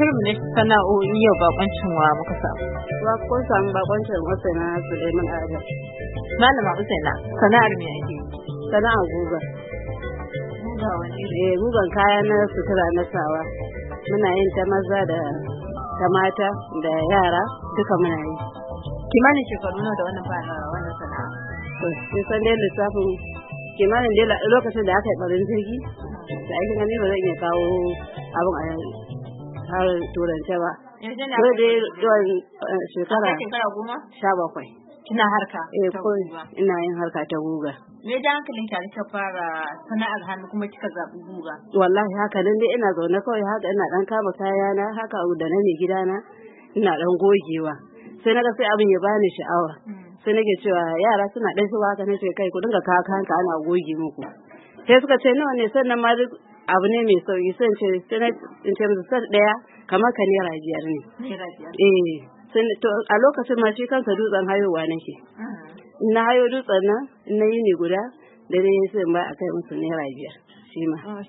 shirin ne sana'o'i yau bakoncin wa muka samu. Ba ko samu bakoncin na Suleiman Adam. Malama Usaina sana'ar me ake yi? Sana'ar guga. Eh gugan kaya na sutura na sawa. Muna yin ta maza da ta mata da yara duka muna yi. Kimanin shekaru nawa da wannan fara wannan sana'a? To, kin san dai lissafin kimanin dai lokacin da aka yi ɓarin jirgi da aikin gani ba zan iya kawo abin a yanzu. har turance ba ko dai don eh, shekara goma sha bakwai kina harka ta eh, guga? ina yin harka ta guga me da hankalin ki kika fara sana'ar hannu kuma kika zabi guga wallahi haka nan dai ina zaune kawai haka ina dan kama kaya na haka da na ne gidana ina dan gogewa sai na ga sai abin ya bani sha'awa hmm. sai nake cewa yara suna dan shiwa haka sai kai ku dinga kaka hanka ana goge muku sai suka ce nawa ne sannan ma abu ne mai sauki sun ce in ce musu sar daya kamar ka naira biyar ne eh to a lokacin ma shi kansa dutsen hayowa nake ah. na hayo dutsen nan na yi ne guda da ne sun ba a kai musu naira biyar shi ma ah,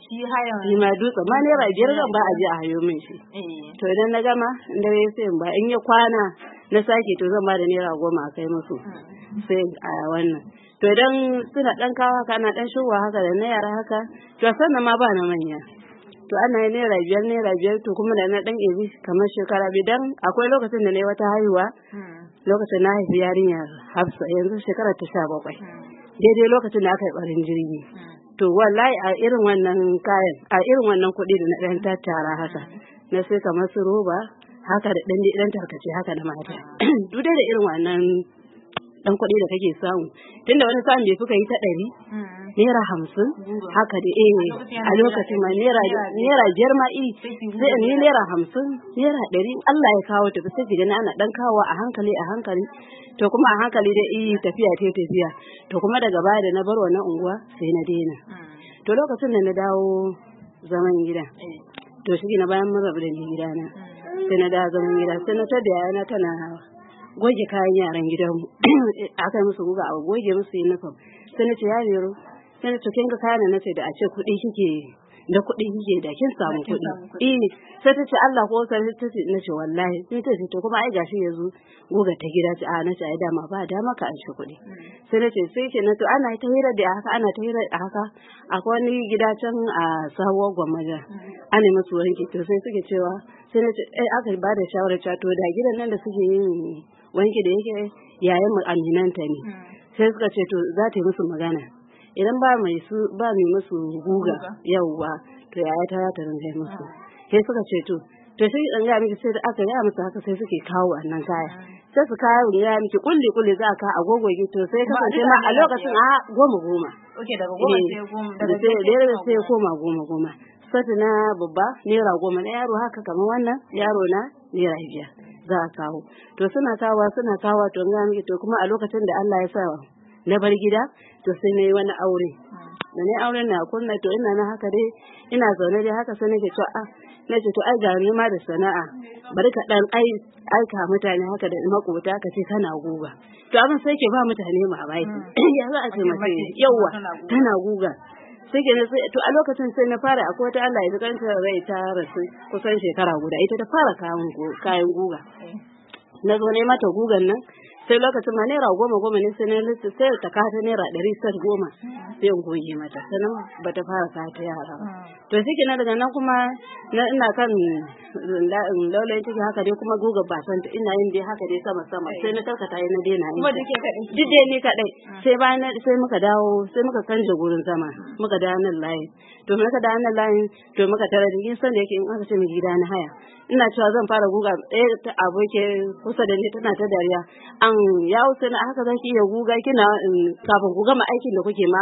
shi ma dutsen ma naira biyar zan ba a je a hayo min shi eh. to idan na gama da ne sun ba in ya kwana na sake to zan ba da naira goma a kai musu sai a wannan to idan suna dan kawo haka ana dan shirwa haka da na haka to sannan ma ba na manya to ana yi naira biyar naira biyar to kuma da na dan ebi kamar shekara biyu dan akwai lokacin da na yi wata haihuwa lokacin na haifi yarinyar hafsa yanzu shekara ta sha bakwai daidai lokacin da aka yi barin jirgi to wallahi a irin wannan kayan a irin wannan kuɗi da na ɗan tattara haka na sai kamar su roba haka da ɗan ɗan tarkace haka na mata duk da irin wannan dan kuɗi da kake samu tunda wani samu bai fuka yi ta ɗari naira hamsin haka da eh a lokacin ma naira biyar ma iri eh, sai ni naira hamsin naira ɗari Allah ya kawo ta sai ki gani ana dan kawo a hankali a hankali to kuma a hankali da iri eh, tafiya ta tafiya to kuma daga baya da na bar wannan unguwa sai na daina mm. to lokacin da na dawo zaman gida eh. to shi na bayan mun rabu da gidana mm. sai na da zaman gida sai na tada yana tana goge kayan yaran gidanmu aka yi musu guga a goge musu yi nufin sai na ce ya biro sai na ce kin ga kayan na ce da a ce kuɗi kike da kuɗin hige da kin samu kuɗi eh sai ta ce Allah ko sai ta ce na ce wallahi sai ta ce to kuma ai gashi yanzu goga ta gida ta a na ce ai dama ba dama ka an shi kuɗi mm. sai na ce sai ce na to ana ta hira da haka ana ta hira da haka akwai wani gida can a sabuwar gwamnati mm. ana musu wanki to sai suke cewa sai na ce eh aka ba da shawarar cewa to da gidan nan da suke yin wanki da yake yayin aminanta ne mm. sai suka ce to za ta yi musu magana idan ba mai su ba mai musu guga yawwa to yaya ta ta rinka musu sai suka ce to to shi dan ga miki sai da aka yi musu haka sai suke kawo wannan kaya sai su kawo ya miki kulli kulli za ka agogo ki to sai ka ce ma a lokacin a goma goma okay daga goma eh, sai goma daga sai koma goma goma sati na babba naira goma na yaro haka kamar wannan yaro na naira biyar za a kawo to suna kawo suna kawo to ga miki to kuma a lokacin da Allah ya sa na bar gida to sai na yi wani aure mm. da ne auren na kunna to ina na haka dai ina zaune dai haka sai nake to a ah, nace to ai ga ma da sana'a bari ka dan ai aika mutane haka da makota ka ce kana guga to abin sai ke ba mutane mamaki mm. ya za a ce mace yawa tana guga sai ke to a lokacin sai na fara akwai wata Allah ya zikanta rai ta rasu kusan shekara guda ita ta fara kayan guga na zo ne mata gugan nan sai lokacin ma naira goma goma ne sai na sai ta kata naira ɗari san goma sai in goge mata sannan ba ta fara kata yara ba mm. to shi na daga nan kuma na ina kan laulayin ciki haka dai kuma guga basan ina yin dai haka dai sama sama eh. sai na karkata yi na daina yin duk dai ni kaɗai sai bayan sai muka dawo sai muka canja gurin zama muka dawo nan layin to muka dawo nan layin to muka tara jirgin san da yake in aka ce mai gida na haya ina cewa zan fara guga ɗaya eh, ta abokin kusa da ni tana ta dariya an wuce na haka zan iya guga kina kafin ku gama aikin da kuke ma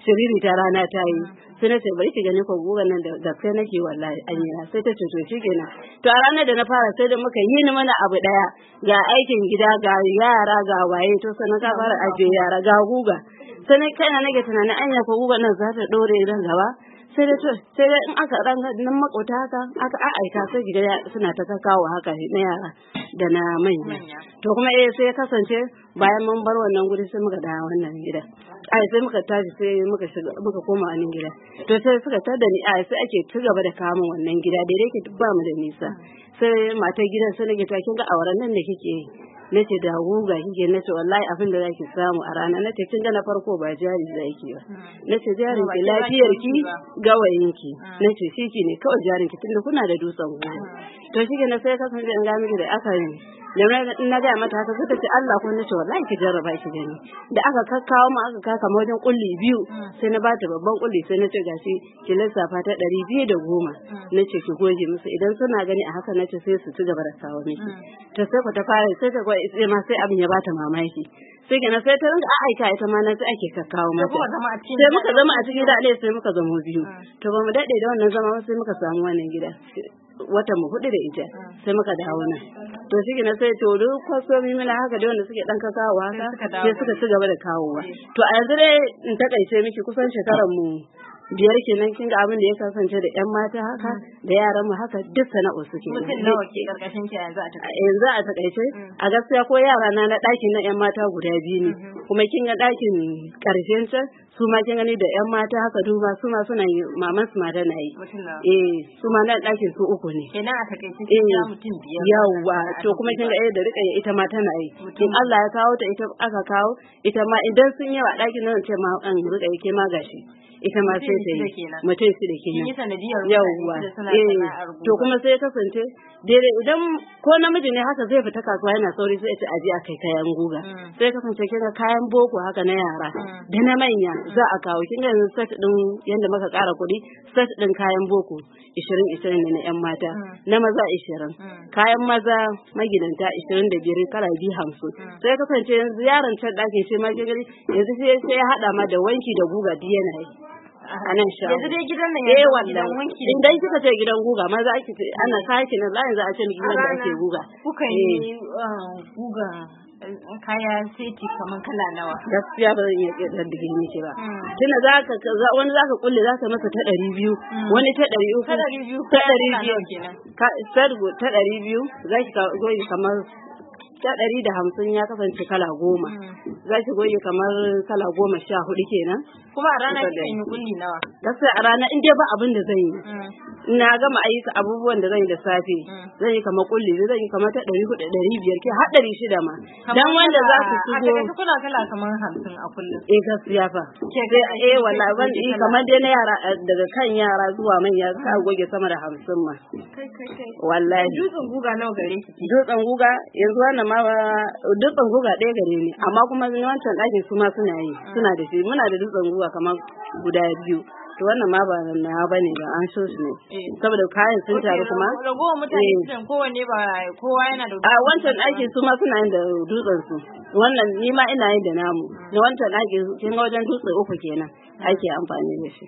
shiriri ta rana ta yi sai na ce bari ki gani ko guga nan da sai nake wallahi anya sai ta ce to shikenan to a ranar da na fara sai da muka yi ni mana abu daya ga aikin gida ga yara ga waye to sannan ka fara aje yara ga guga sai na kaina nake tunanin anya ko guga nan za ta dore ran gaba sai dai sai in aka ran nan makwata haka aka aika sai gida suna ta kakawa haka na yara da na manya to kuma eh sai ya kasance bayan mun bar wannan guri sai muka da wannan gida ai sai muka tashi sai muka shiga muka koma wannan gida to sai suka tada ni ai sai ake ci gaba da kama wannan gida daidai yake ba mu da nisa sai mata gidan sai nake ta kin ga auren nan da kike na ce da guga kike na ce wallahi abin da zaki samu a rana na ce kin ga na farko ba jari zaki ba hmm. na ce jarin ki lafiyar ki gawayin ki hmm. na ce shi ne kawai jarin ki tunda kuna da dutsen guga hmm. to shi na sai ka san ga miki da aka in na gaya mata haka suka ce Allah ko na ce wallahi ki jarraba ki gani da aka kakkawo mu aka kaka wajen kulli biyu sai na bata babban kulli sai na ce gashi ki lissafa ta ɗari biyu da goma na ce ki goge musu idan suna gani a haka na ce sai su ci gaba da sawo miki ta sai ku ta fara sai ta gwai sai ma sai abin ya bata mamaki sai gana sai ta rinka 'a'a aika ita ma na sai ake kakkawo mata sai muka zama a cikin daɗe sai muka zama biyu mm. to ba mu daɗe da wannan zama sai muka samu wannan gida wata mu hudu da ita sai muka dawo nan to shi na sai to duk kwasomi mana haka da wanda suke dan ka haka sai suka ci gaba da kawowa to a yanzu dai in takaice miki kusan shekaran mu biyar kenan kinga ga abin da ya kasance da yan mata haka da yaran mu haka duk sana'o suke mutum nawa ke karkashin ki yanzu a takaice eh, yanzu a takaice mm. a gaskiya ko yara na na dakin na yan mata guda biyu ne mm-hmm. kuma kin ga ɗakin ƙarshen can su ma kin gani da yan mata haka duba su ma suna yi maman su ma da na yi eh su ma na ɗakin su uku ne kenan a takaice kin eh, ga mutum biyar yawa to kuma kin ga eh da rika ita ma tana yi in Allah ya kawo ta ita aka kawo ita ma idan sun yawa ɗakin nan ce ma an rika ke ma gashi ita ma sai ta yi mutum su da kenan yawa eh to kuma sai kasance daidai idan ko namiji ne haka zai fita kasuwa yana sauri sai ta aje a kai kayan guga mm. sai kasance kin ga kayan kayan boko haka na yara mm. da na manya za a kawo kin ga set din yanda muka kara kuɗi set din kayan boko 20 20 ne na yan mata mm. na maza 20 mm. kayan maza magidanta 25 kala biyu hamsin sai kasance yanzu yaran can ɗakin shi ma yanzu sai ya haɗa ma da wanki da guga duk yana yi a nan shago yanzu dai gidan nan eh gidan wanki in dai kika ce gidan guga ma za ki ana kaki nan za yanzu a ce gidan da ake guga kuka yi eh. ah, guga eh, kaya seti kamar kala nawa gaskiya ba zan iya ƙirƙirar da gini ce ba hmm. tunda za ka wani za ka kulle za ka masa ta ɗari biyu hmm. wani ta ɗari uku ta ɗari biyu ta ɗari biyu ta ɗari biyu za ki kamar sha ɗari da hamsin ya kasance kala goma hmm. za ki goge kamar kala goma sha hudu kenan kuma a rana kikan yi kulli nawa gaskiya a rana in dai ba abin da zan yi hmm. na gama ayyuka abubuwan da zan yi da safe hmm. zan yi kamar kulli zan yi kamar ta ɗari hudu ɗari biyar ke har ɗari shida ma dan wanda za su shigo a kala kamar hamsin a kullum eh gaskiya fa eh wala ban yi kamar dai na yara eh, daga kan yara zuwa manya ka goge sama da hamsin ma wallahi dutsen guga nawa gare ki dutsen guga yanzu wannan amma dutsen guga ɗaya gare ne amma kuma wancan ɗakin su ma suna yi suna da shi muna da dutsen guga kamar guda biyu to wannan ma ba na ba ne ba an so su ne eh. saboda kayan sun taru kuma ragowar mutane sun eh. kowanne ba kowa yana da a wancan ɗakin su ma suna yin da dutsen su wannan ni ma ina yin da namu da wancan ɗakin kin ga wajen dutse uku kenan ake amfani da shi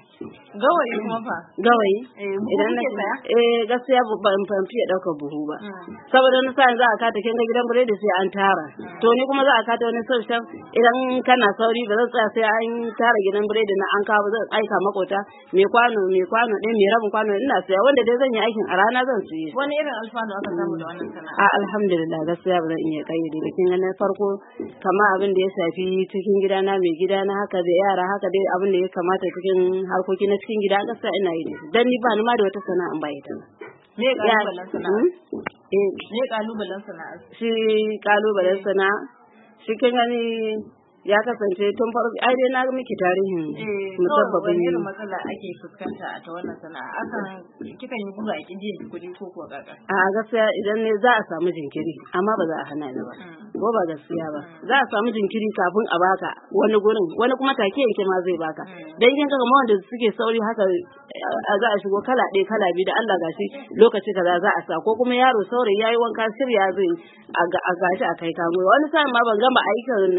gawayi kuma fa gawayi eh, idan na eh gaskiya ban fanfi ya dauka buhu ba hmm. saboda na sa za a kata kin ga gidan biredi sai an tara hmm. to ni kuma za a kata wani sosai idan kana sauri ba zan tsaya sai an tara gidan biredi na an kawo zan aika makota mai kwano mai kwano ɗin mai rabin kwano ina saya wanda dai zan yi aikin a rana zan siye wani irin alfanu aka samu da wannan sana'a a alhamdulillah gaskiya ba zan iya kayyade da kin ganin farko kamar abin da ya shafi cikin gida na mai gida na haka da yara haka dai abin da ya kamata cikin harkoki na cikin gida gaskiya ina yi dan ni ba ni ma da wata sana'a ba ita me kalubalen sana'a hmm? eh. me kalubalen sana'a shi kalubalen sana'a shi kin gani ya kasance tun farko ai dai na miki tarihin eh, musabbabin yin matsala ake fuskanta a ta wannan sana'a akan kika yi buga a ko kuwa a gaskiya idan ne za a samu jinkiri amma ba za a hana ni ba hmm. ko ba gaskiya ba za a samu jinkiri kafin a baka wani gurin wani kuma take yake ma zai baka dan kin ga wanda suke sauri haka eh, za a shigo kala ɗaya kala biyu da Allah gashi lokaci kaza za a sa ko kuma yaro saurayi yayi wanka shirya zai a gashi a kai kago wani sa'in ma ban gama aikin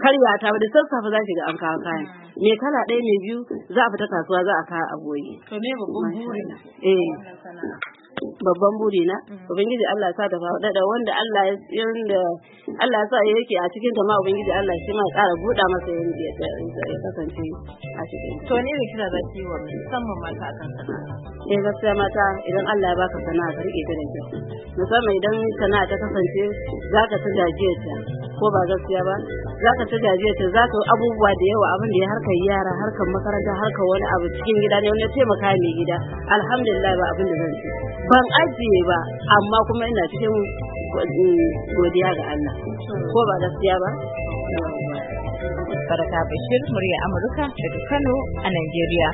karya ta ba da sassafe za ki ga an kawo kayan me kala ɗaya ne biyu za a fita kasuwa za a kawo a goyi to me babban burin eh babban burina mm. ubangiji Allah sa da wanda Allah ya Allah sa yake a cikin ma ubangiji Allah shi ma ƙara buɗa masa yadda ya kasance a cikin to ne ne kira da wa musamman mata akan sana'a eh gaskiya mata idan Allah ya baka sana'a ka rike ta da kyau musamman idan sana'a ta kasance za ka ta gajiyarta ko ba gaskiya ba za ka ta jajiyarta za ka abubuwa da yawa abin da ya harkar yara harkar makaranta harkar wani abu cikin gida ne wani taimaka mai gida alhamdulillah ba abin da zan ce ban ajiye ba amma kuma ina cikin godiya ga Allah ko ba gaskiya ba Baraka Bashir, murya Amurka daga Kano a Najeriya.